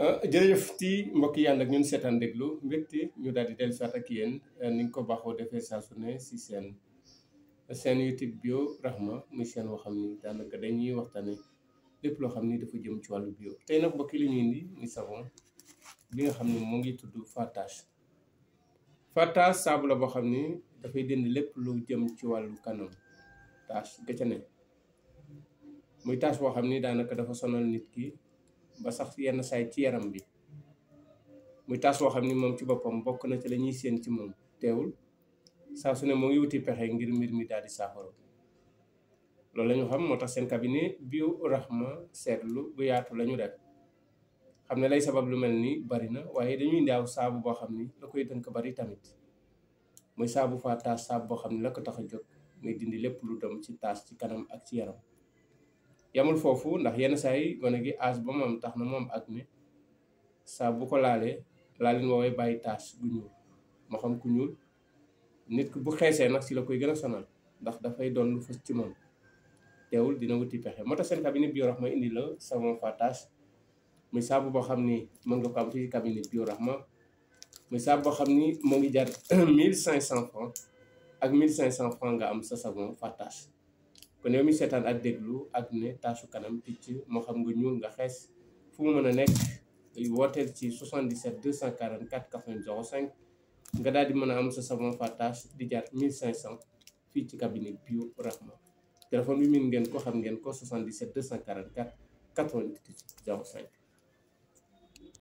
Ah, jërëjëf ti mbokk yi ànd ak ñun seetaan déglu mbégte ñu daal di dellusiwaat ak yéen eh, ni ñu ko baaxoo defee saa ne si seen seen YouTube bio Rahma muy seen woo xam ni daanaka dañuy waxtaane lépp loo xam ni dafa jëm ci wàllu bio tey nag mbokk yi li ñu indi bi nga xam ne mu ngi tudd Fatage Fatage saabu boo xam ni dafay dindi lépp lu jëm ci wàllu kanam tache ga ne muy tache boo xam ni daanaka dafa sonal nit ki. ba sax yenn saay ci yaram bi muy taas boo xam ni moom ci boppam bokk na ci lañuy séen ci moom teewul saa su ne moo ngi wuti pexe ngir mbir mi daal di saafara loolu lañu xam moo tax seen cabinet bio rahma seetlu bu yaatu la ñu def xam ne lay sabab lu mel ni bari na waaye dañuy ndaaw saabu boo xam ni la koy dënk bari tamit muy saabu faa taas saabu boo xam ne la ko tax a jóg muy dindi lépp lu dem ci taas ci kanam ak ci yaram yamul foofu ndax yenn saa yi gone gi âge ba moom tax na moom ak ne saa bu ko laalee laalin woowee bàyyi taas bu ñuul moo xam ku ñuul nit ku bu xeesee nag si la koy gën a sonal ndax dafay doon lu fës ci moom teewul dina wuti pexe moo tax seen cabinet ma indi la savon fatas muy saabu boo xam ni mën nga ko am ci cabinet Biorahma muy saabu boo xam ni moo ngi jar mille cinq cent francs ak mille cinq cent francs nga am sa savon fatas kon yow mi seetaan ak déglu ak ne taasu kanam picc moo xam nga ñuul nga xees fu mu mën a nekk wooteel ci 77 244 80 05 nga daal di mën a am sa savon fatage di jaar 1500 fii ci cabinet bio Rahma téléphone bi min ngeen ko xam ngeen ko 77 244 88 05